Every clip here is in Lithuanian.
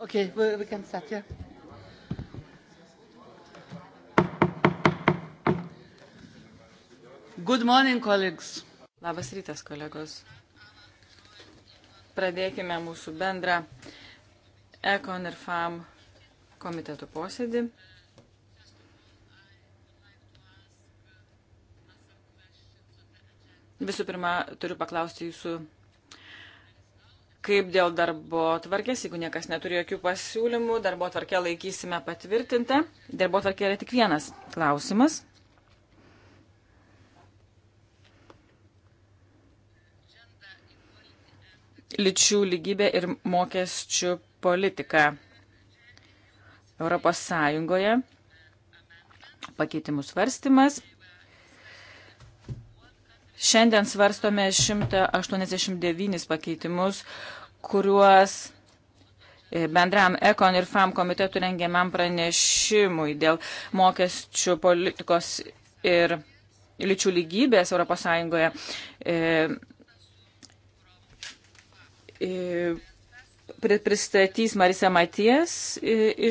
Okay, we, we can start, yeah. Good morning, colleagues. Labas rytas, kolegos. Pradėkime mūsų bendrą Ekon ir FAM komitetų posėdį. Visų pirma, turiu paklausti jūsų kaip dėl darbo tvarkės, jeigu niekas neturi jokių pasiūlymų, darbo tvarkę laikysime patvirtintą. Darbo tvarkė yra tik vienas klausimas. Lyčių lygybė ir mokesčių politika Europos Sąjungoje. Pakeitimų svarstymas. Šiandien svarstome 189 pakeitimus, kuriuos e, bendram Ekon ir FAM komitetų rengiamam pranešimui dėl mokesčių politikos ir lyčių lygybės ES. E, e, pristatys Marisa Maties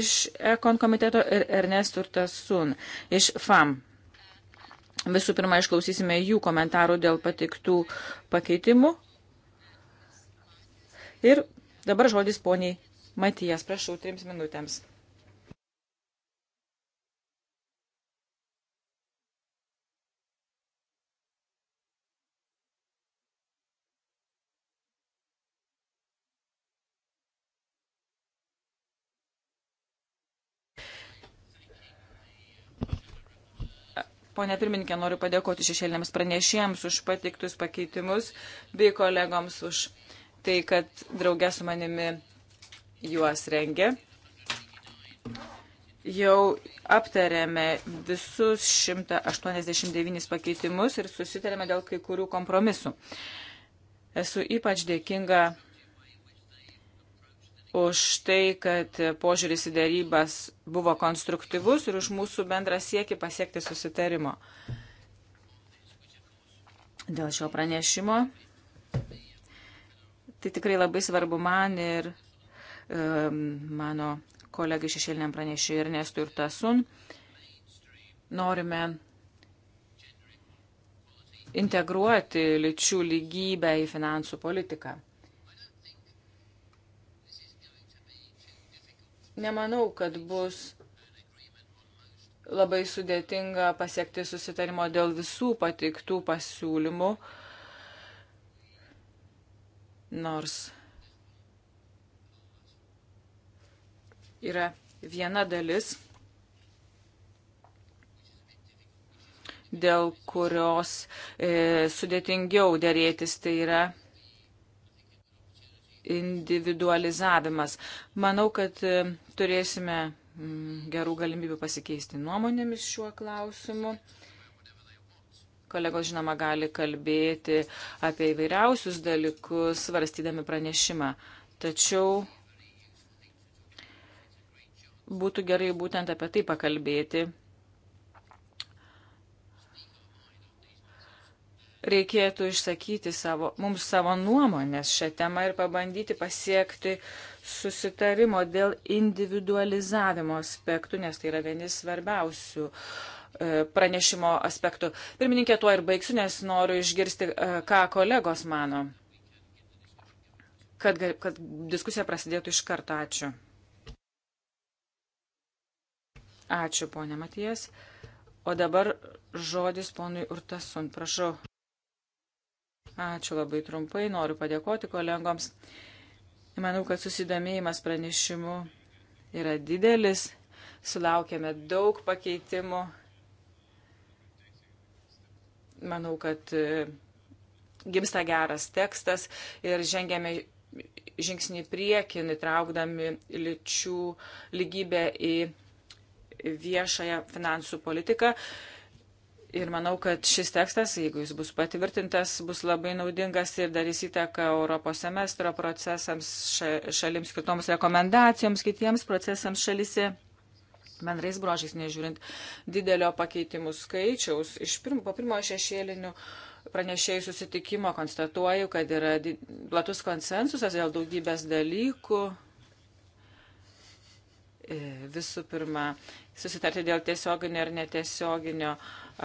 iš Ekon komiteto ir Ernest Urtasun iš FAM Visų pirma, išklausysime jų komentarų dėl patiktų pakeitimų. Ir dabar žodis poniai Matijas, prašau, trims minutėms. Pone pirmininkė, noriu padėkoti šešėlėms pranešėjams už patiktus pakeitimus bei kolegoms už tai, kad draugė su manimi juos rengė. Jau aptarėme visus 189 pakeitimus ir susitarėme dėl kai kurių kompromisų. Esu ypač dėkinga už tai, kad požiūris į dėrybas buvo konstruktyvus ir už mūsų bendrą siekį pasiekti susitarimo. Dėl šio pranešimo. Tai tikrai labai svarbu man ir e, mano kolegai šešėliniam pranešėjui ir Nestu ir Tasun. Norime integruoti lyčių lygybę į finansų politiką. Nemanau, kad bus labai sudėtinga pasiekti susitarimo dėl visų pateiktų pasiūlymų, nors yra viena dalis, dėl kurios e, sudėtingiau dėrėtis, tai yra individualizavimas. Manau, kad e, turėsime gerų galimybių pasikeisti nuomonėmis šiuo klausimu. Kolegos, žinoma, gali kalbėti apie įvairiausius dalykus, svarstydami pranešimą. Tačiau būtų gerai būtent apie tai pakalbėti reikėtų išsakyti savo, mums savo nuomonės šią temą ir pabandyti pasiekti susitarimo dėl individualizavimo aspektų, nes tai yra vienis svarbiausių e, pranešimo aspektų. Pirmininkė, tuo ir baigsiu, nes noriu išgirsti, e, ką kolegos mano, kad, kad diskusija prasidėtų iš karto. Ačiū. Ačiū, ponė Matijas. O dabar žodis ponui Urtasun. Prašau. Ačiū labai trumpai, noriu padėkoti kolegoms. Manau, kad susidomėjimas pranešimu yra didelis, sulaukėme daug pakeitimų. Manau, kad e, gimsta geras tekstas ir žengėme žingsnį priekin, įtraukdami lyčių lygybę į viešąją finansų politiką. Ir manau, kad šis tekstas, jeigu jis bus patvirtintas, bus labai naudingas ir darys įtaką Europos semestro procesams, šalims skirtoms rekomendacijoms, kitiems procesams šalise. Bendrais brožiais, nežiūrint didelio pakeitimų skaičiaus, iš pirmo, po pirmojo šešėlinių pranešėjų susitikimo konstatuoju, kad yra platus konsensusas dėl daugybės dalykų, E, visų pirma susitarti dėl tiesioginio ir netiesioginio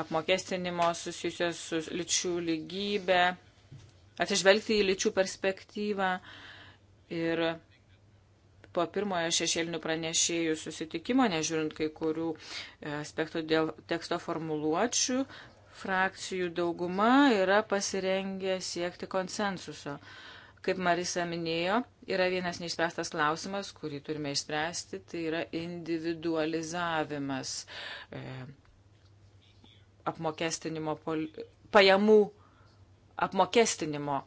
apmokestinimo susijusios su lyčių lygybė, atsižvelgti į lyčių perspektyvą ir po pirmojo šešėlinių pranešėjų susitikimo, nežiūrint kai kurių e, aspektų dėl teksto formuluočių, frakcijų dauguma yra pasirengę siekti konsensuso. Kaip Marisa minėjo, yra vienas neišspręstas klausimas, kurį turime išspręsti, tai yra individualizavimas e, apmokestinimo, pol, pajamų apmokestinimo.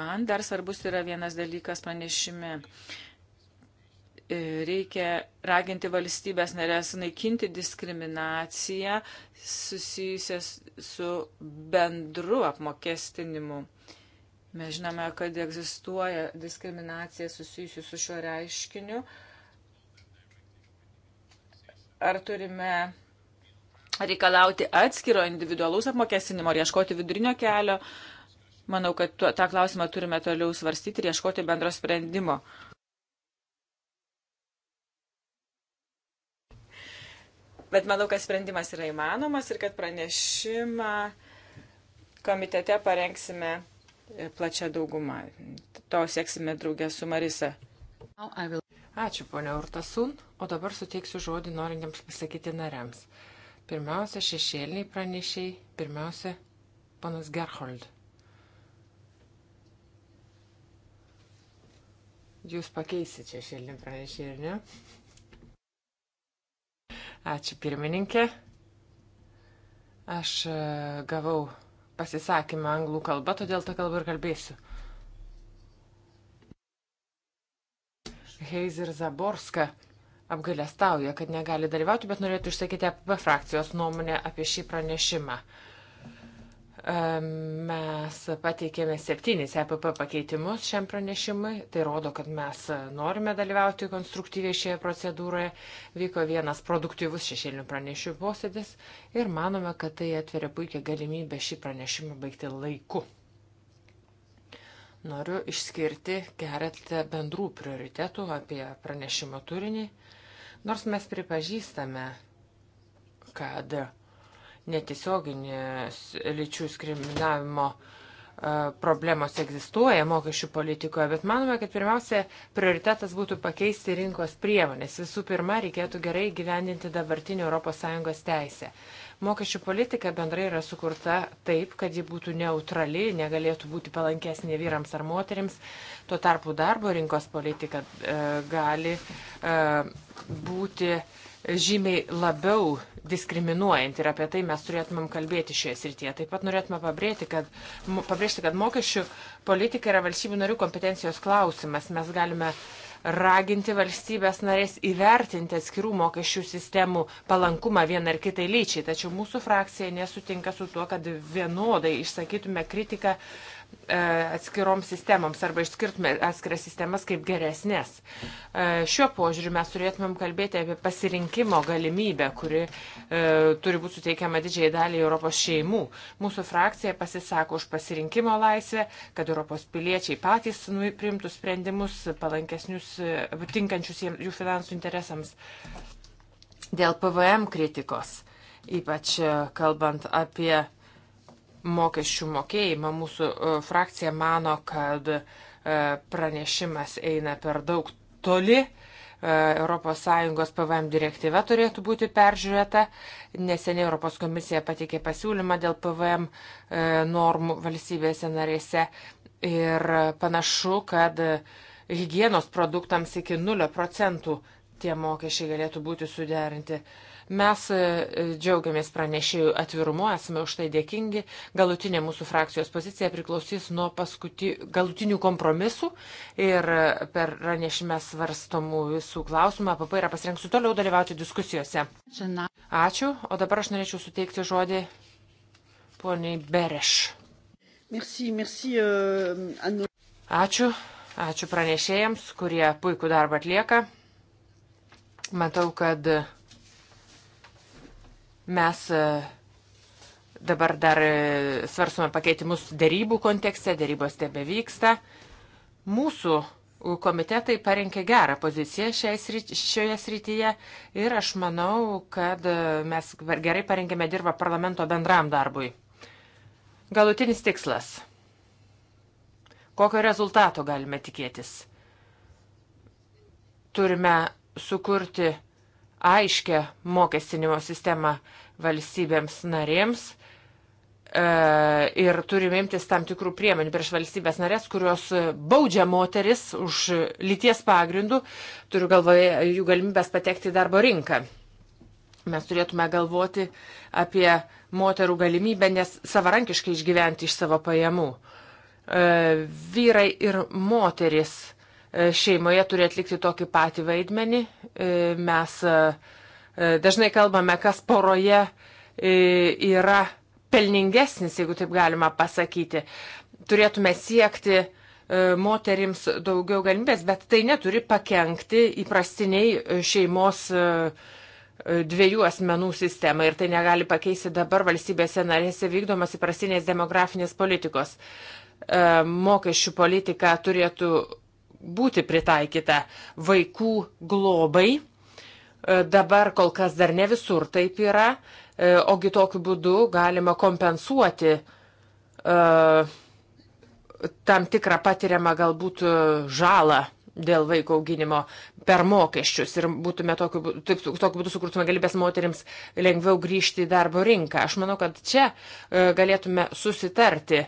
Man dar svarbus yra vienas dalykas pranešime. E, reikia raginti valstybės narės naikinti diskriminaciją susijusią su bendru apmokestinimu. E, Mes žinome, kad egzistuoja diskriminacija susijusi su šiuo reiškiniu. Ar turime reikalauti atskiro individualaus apmokestinimo ir ieškoti vidurinio kelio? Manau, kad tuo, tą klausimą turime toliau svarstyti ir ieškoti bendro sprendimo. Bet manau, kad sprendimas yra įmanomas ir kad pranešimą komitete parengsime plačia dauguma. To sieksime draugę su Marisa. Ačiū, ponia Urtasun, o dabar suteiksiu žodį norintiems pasakyti nariams. Pirmiausia, šešėliniai pranešiai, pirmiausia, panas Gerhold. Jūs pakeisit šešėlinį pranešį, ar ne? Ačiū pirmininkė. Aš e, gavau pasisakymą anglų kalba, todėl tą kalbą ir kalbėsiu. Heizer Zaborska apgailestauja, kad negali dalyvauti, bet norėtų išsakyti apie frakcijos nuomonę apie šį pranešimą. Mes pateikėme septynis EPP pakeitimus šiam pranešimui. Tai rodo, kad mes norime dalyvauti konstruktyviai šioje procedūroje. Vyko vienas produktyvus šešėlinių pranešimų posėdis ir manome, kad tai atveria puikia galimybę šį pranešimą baigti laiku. Noriu išskirti keletą bendrų prioritetų apie pranešimo turinį. Nors mes pripažįstame, kad netiesioginės lyčių skriminavimo e, problemos egzistuoja mokesčių politikoje, bet manome, kad pirmiausia prioritetas būtų pakeisti rinkos priemonės. Visų pirma, reikėtų gerai gyvendinti dabartinį ES teisę. Mokesčių politika bendrai yra sukurta taip, kad ji būtų neutrali, negalėtų būti palankesnė vyrams ar moteriams. Tuo tarpu darbo rinkos politika e, gali e, būti e, žymiai labiau diskriminuojanti ir apie tai mes turėtumėm kalbėti šioje srityje. Taip pat norėtume pabrėžti, kad, pabrėžti, kad mokesčių politika yra valstybių narių kompetencijos klausimas. Mes galime raginti valstybės narės įvertinti atskirų mokesčių sistemų palankumą vieną ar kitai lyčiai. Tačiau mūsų frakcija nesutinka su tuo, kad vienodai išsakytume kritiką E, atskiroms sistemoms arba išskirtume atskiras sistemas kaip geresnės. E, šiuo požiūriu mes turėtumėm kalbėti apie pasirinkimo galimybę, kuri e, turi būti suteikiama didžiai daliai Europos šeimų. Mūsų frakcija pasisako už pasirinkimo laisvę, kad Europos piliečiai patys nu, priimtų sprendimus palankesnius, tinkančius jų finansų interesams. Dėl PVM kritikos, ypač kalbant apie mokesčių mokėjimą. Mūsų e, frakcija mano, kad e, pranešimas eina per daug toli. ES PVM direktyva turėtų būti peržiūrėta. Neseniai Europos komisija patikė pasiūlymą dėl PVM e, normų valstybėse narėse ir panašu, kad hygienos produktams iki 0 procentų tie mokesčiai galėtų būti suderinti. Uh, Mes e, džiaugiamės pranešėjų atvirumu, esame už tai dėkingi. Galutinė mūsų frakcijos pozicija priklausys nuo paskuti, galutinių kompromisų ir e, per pranešimę svarstomų visų klausimų. APP yra pasirengsiu toliau dalyvauti diskusijose. Ačiū, o dabar aš norėčiau suteikti žodį poniai Bereš. Merci, merci, uh, ačiū, ačiū pranešėjams, kurie puikų darbą atlieka. Matau, kad uh, Mes e, dabar dar e, svarsome pakeitimus dėrybų kontekste, dėrybos tebe vyksta. Mūsų komitetai parinkė gerą poziciją šioje srityje ir aš manau, kad e, mes gerai parinkėme dirbą parlamento bendram darbui. Galutinis tikslas. Kokio rezultato galime tikėtis? Turime sukurti aiškę mokestinimo sistemą valstybėms narėms e, ir turime imtis tam tikrų priemonių prieš valstybės narės, kurios baudžia moteris už lyties pagrindų, turiu galvoje jų galimybės patekti į darbo rinką. Mes turėtume galvoti apie moterų galimybę nes savarankiškai išgyventi iš savo pajamų. E, vyrai ir moteris E, šeimoje turi atlikti tokį patį vaidmenį. E, mes e, dažnai kalbame, kas poroje yra pelningesnis, jeigu taip galima pasakyti. Turėtume siekti moterims daugiau galimybės, bet tai neturi pakengti įprastiniai šeimos dviejų asmenų sistemą ir tai negali pakeisti dabar valstybėse narėse vykdomas įprastinės demografinės politikos. Mokesčių politika turėtų būti pritaikyta vaikų globai. E, dabar kol kas dar ne visur taip yra, e, ogi tokiu būdu galima kompensuoti e, tam tikrą patiriamą galbūt žalą dėl vaiko auginimo per mokesčius ir būtume tokiu, taip, tokiu būdu sukurtume galybės moteriams lengviau grįžti į darbo rinką. Aš manau, kad čia e, galėtume susitarti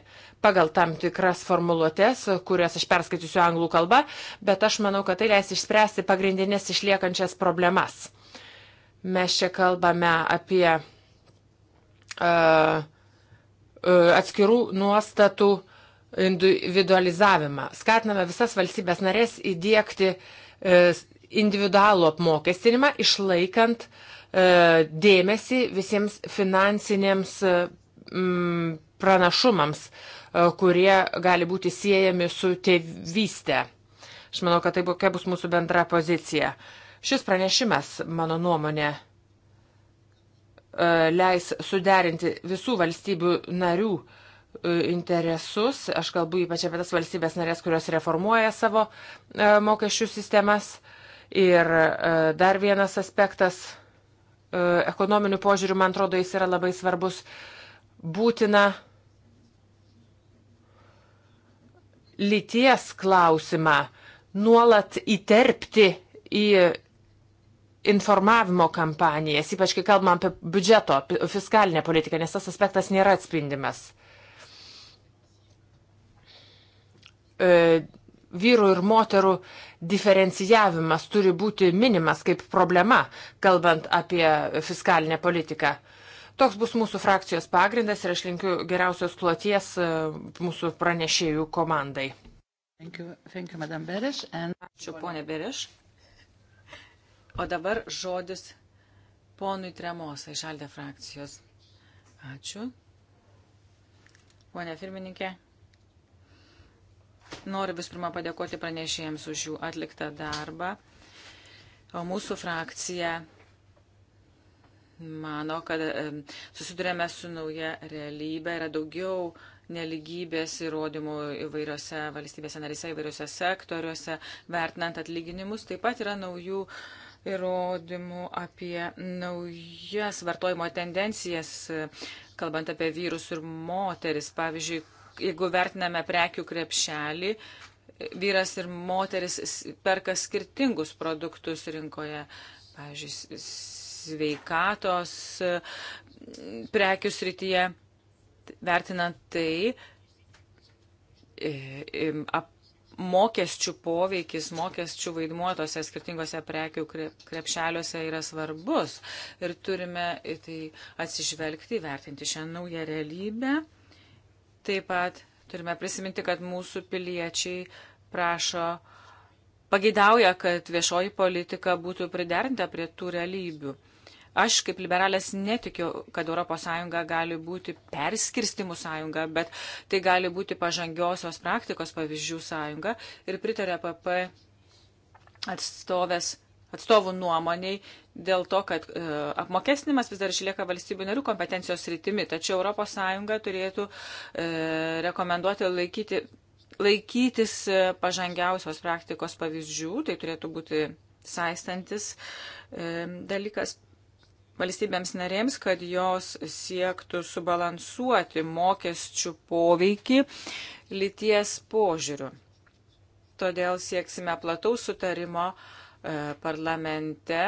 pagal tam tikras formuluotės, kurias aš perskaitysiu anglų kalbą, bet aš manau, kad tai leis išspręsti pagrindinės išliekančias problemas. Mes čia kalbame apie uh, atskirų nuostatų uh, individualizavimą. Skatiname visas valstybės narės įdėkti e, individualų apmokestinimą, išlaikant e, dėmesį visiems finansinėms e, pranašumams, kurie gali būti siejami su tėvystė. Aš manau, kad tai kokia bus mūsų bendra pozicija. Šis pranešimas, mano nuomonė, leis suderinti visų valstybių narių uh, E, interesus, aš kalbu ypač apie tas valstybės narės, kurios reformuoja savo e, mokesčių sistemas. Ir e, dar vienas aspektas, ekonominių požiūrių, man atrodo, jis yra labai svarbus, būtina lyties klausimą nuolat įterpti į informavimo kampanijas, ypač kai kalbam apie biudžeto, fiskalinę politiką, nes tas aspektas nėra atspindimas. E, vyrų ir moterų diferencijavimas turi būti minimas kaip problema, kalbant apie fiskalinę politiką. Toks bus mūsų frakcijos pagrindas ir aš linkiu geriausios kloties e, mūsų pranešėjų komandai. Thank you, thank you, Beres, and... Ačiū, ponė Bereš. O dabar žodis ponui Tremosai iš Aldė frakcijos. Ačiū. Pone pirmininkė. Noriu vis pirma padėkoti pranešėjams už jų atliktą darbą. O mūsų frakcija mano, kad susidurėme su nauja realybė, yra daugiau neligybės įrodymų įvairiose valstybėse narise, įvairiose sektoriuose, vertinant atlyginimus. Taip pat yra naujų įrodymų apie naujas vartojimo tendencijas, kalbant apie vyrus ir moteris. Pavyzdžiui, jeigu vertiname prekių krepšelį, vyras ir moteris perka skirtingus produktus rinkoje. Pavyzdžiui, sveikatos prekių srityje, vertinant tai, mokesčių poveikis, mokesčių vaidmuotose skirtingose prekių krepšeliuose yra svarbus ir turime į tai atsižvelgti, vertinti šią naują realybę. Taip pat turime prisiminti, kad mūsų piliečiai prašo, pagidauja, kad viešoji politika būtų priderinta prie tų realybių. Aš kaip liberalės netikiu, kad ES gali būti perskirstimų sąjunga, bet tai gali būti pažangiosios praktikos pavyzdžių sąjunga ir pritarė PP atstovės atstovų nuomoniai dėl to, kad e, apmokestinimas vis dar išlieka valstybių narių kompetencijos rytimi, tačiau ES turėtų e, rekomenduoti laikyti, laikytis e, pažangiausios praktikos pavyzdžių, tai turėtų būti saistantis e, dalykas valstybėms narėms, kad jos siektų subalansuoti mokesčių poveikį lyties požiūriu. Todėl sieksime plataus sutarimo, uh, E, parlamente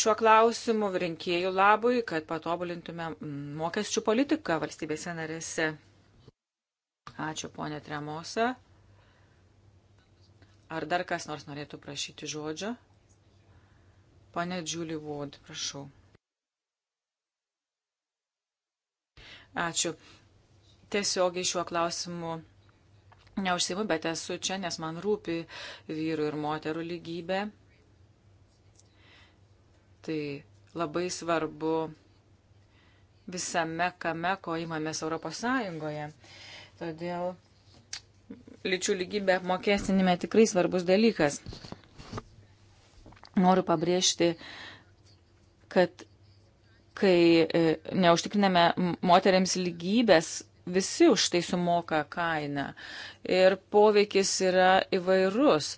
šiuo klausimu rinkėjų labui, kad patobulintume mokesčių politiką valstybėse narėse. Ačiū, ponė Tremosa. Ar dar kas nors norėtų prašyti žodžio? Pane Julie Wood, prašau. Ačiū. Tiesiogiai šiuo klausimu neužsimu, bet esu čia, nes man rūpi vyrų ir moterų lygybė. Tai labai svarbu visame kame, ko įmamės Europos Sąjungoje. Todėl lyčių lygybė apmokestinime tikrai svarbus dalykas. Noriu pabrėžti, kad kai e, neužtikriname moteriams lygybės, visi už tai sumoka kainą. Ir poveikis yra įvairus.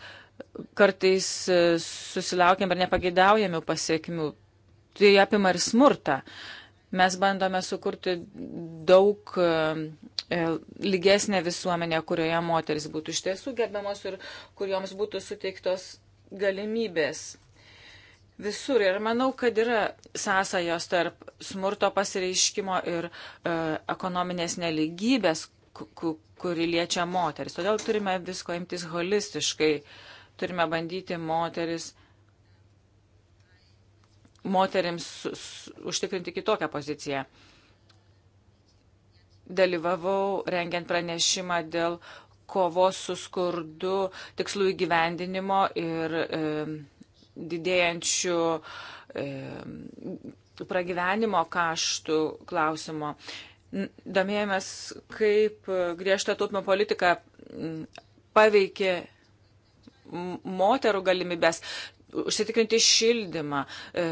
Kartais e, susilaukiam ir nepageidaujamių pasiekmių. Tai apima ir smurtą. Mes bandome sukurti daug e, e, lygesnę visuomenę, kurioje moteris būtų iš tiesų gerbiamos ir kur joms būtų suteiktos galimybės visur. Ir manau, kad yra sąsajos tarp smurto pasireiškimo ir e, ekonominės neligybės, kuri liečia moteris. Todėl turime visko imtis holistiškai. Turime bandyti moteris, moterims užtikrinti kitokią poziciją. Dalyvavau rengiant pranešimą dėl kovos su skurdu, tikslų įgyvendinimo ir e, didėjančių e, pragyvenimo kaštų klausimo. Domėjomės, kaip griežta taupimo politika paveikė moterų galimybės užsitikrinti šildymą, e,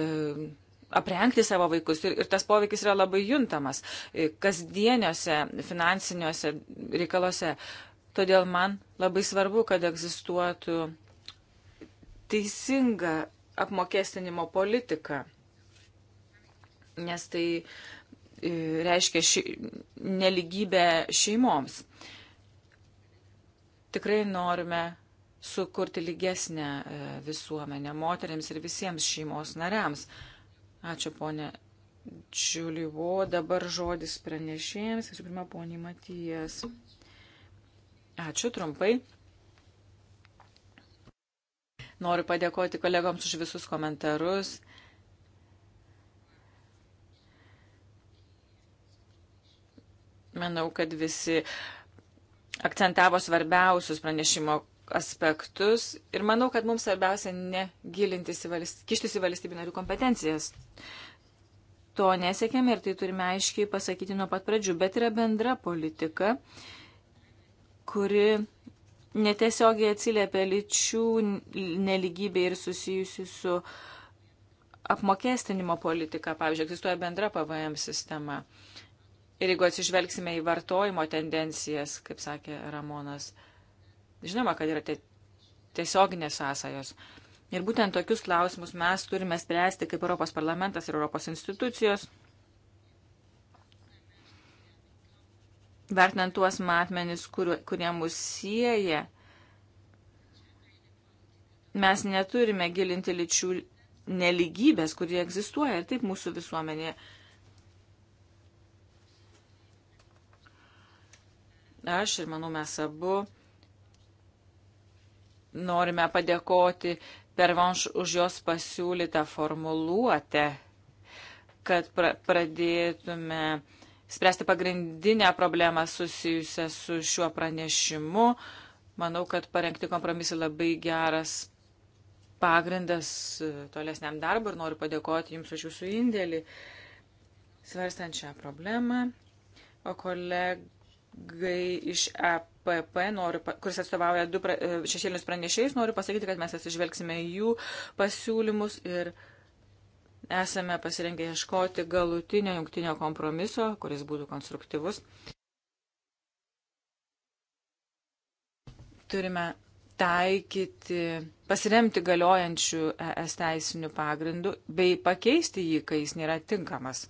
aprengti savo vaikus ir, ir tas poveikis yra labai juntamas e, kasdieniuose finansiniuose reikaluose. Todėl man labai svarbu, kad egzistuotų teisingą apmokestinimo politiką, nes tai e, reiškia ši, neligybę šeimoms. Tikrai norime sukurti lygesnę e, visuomenę moteriams ir visiems šeimos nariams. Ačiū, ponė Čiulivo. Dabar žodis pranešėjams. Visų pirma, poniai Matijas. Ačiū trumpai. Noriu padėkoti kolegoms už visus komentarus. Manau, kad visi akcentavo svarbiausius pranešimo aspektus ir manau, kad mums svarbiausia ne gilintis į valst... kištis į valstybių narių kompetencijas. To nesiekėme ir tai turime aiškiai pasakyti nuo pat pradžių, bet yra bendra politika, kuri netiesiogiai atsiliepia lyčių neligybė ir susijusi su apmokestinimo politika. Pavyzdžiui, egzistuoja bendra PVM sistema. Ir jeigu atsižvelgsime į vartojimo tendencijas, kaip sakė Ramonas, žinoma, kad yra tiesioginės sąsajos. Ir būtent tokius klausimus mes turime spręsti kaip Europos parlamentas ir Europos institucijos. vertinant tuos matmenis, kur, kurie mus sieja, mes neturime gilinti lyčių neligybės, kurie egzistuoja ir taip mūsų visuomenėje. Aš ir manau mes abu norime padėkoti Pervanš už jos pasiūlytą formuluotę, kad pra pradėtume uh, spręsti pagrindinę problemą susijusią su šiuo pranešimu. Manau, kad parengti kompromisai labai geras pagrindas e, tolesniam darbui ir noriu padėkoti Jums už Jūsų indėlį svarstant šią problemą. O kolegai iš EPP, noriu, kuris atstovauja du e, šešėlinius pranešėjus, noriu pasakyti, kad mes atsižvelgsime jų pasiūlymus ir uh, Esame pasirengę ieškoti galutinio jungtinio kompromiso, kuris būtų konstruktyvus. Turime taikyti, pasiremti galiojančių ES teisinių pagrindų bei pakeisti jį, kai jis nėra tinkamas.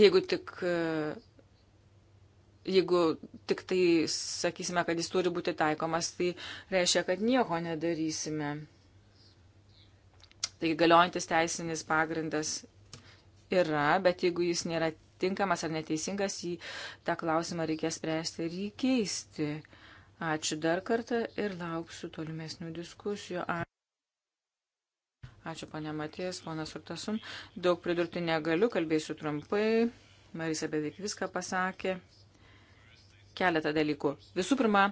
Jeigu tik, jeigu tik tai sakysime, kad jis turi būti taikomas, tai reiškia, kad nieko nedarysime. Taigi galiojantis teisinis pagrindas yra, bet jeigu jis nėra tinkamas ar neteisingas, jį tą klausimą reikės spręsti ir jį keisti. Ačiū dar kartą ir lauksiu tolimesnių diskusijų. Ačiū, ponė Matijas, ponas Urtasun. Daug pridurti negaliu, kalbėsiu trumpai. Marisa beveik viską pasakė. Keletą dalykų. Visų pirma,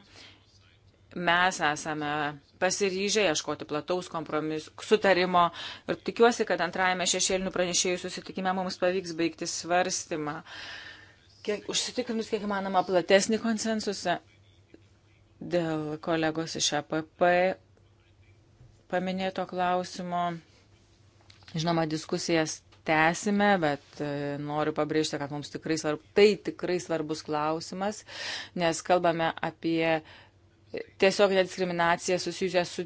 mes esame pasiryžę ieškoti plataus kompromisų, sutarimo ir tikiuosi, kad antrajame šešėlinių pranešėjų susitikime mums pavyks baigti svarstymą. Kiek, užsitikrinus kiek įmanoma platesnį konsensusą dėl kolegos iš APP paminėto klausimo. Žinoma, diskusijas tęsime, bet e, noriu pabrėžti, kad mums tikrai svarbu, tai tikrai svarbus klausimas, nes kalbame apie tiesioginę diskriminaciją susijusią su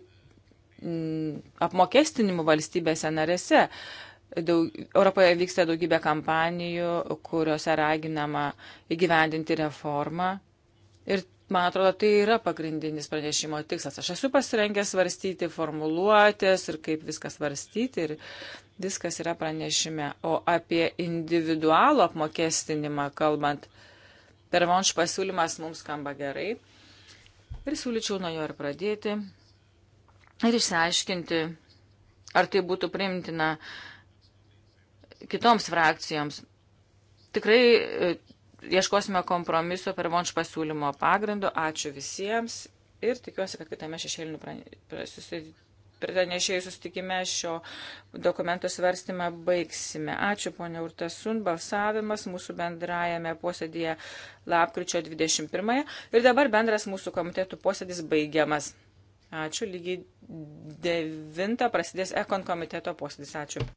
mm, apmokestinimu valstybėse narėse. Daug, Europoje vyksta daugybė kampanijų, kuriuose raginama įgyvendinti reformą. Ir man atrodo, tai yra pagrindinis pranešimo tikslas. Aš esu pasirengęs svarstyti formuluotės ir kaip viskas svarstyti ir viskas yra pranešime. O apie individualų apmokestinimą kalbant, pervonš pasiūlymas mums skamba gerai. Ir siūlyčiau nuo jo ir pradėti ir išsiaiškinti, ar tai būtų priimtina kitoms frakcijoms. Tikrai e, ieškosime kompromiso per vonš pasiūlymo pagrindu. Ačiū visiems ir tikiuosi, kad kitame šešėlinių prane pranešėjų sustikime šio dokumento svarstymą baigsime. Ačiū, ponia Urtasun, balsavimas mūsų bendrajame posėdėje lapkričio 21 ir dabar bendras mūsų komitetų posėdis baigiamas. Ačiū, lygiai 9 prasidės Ekon komiteto posėdis. Ačiū.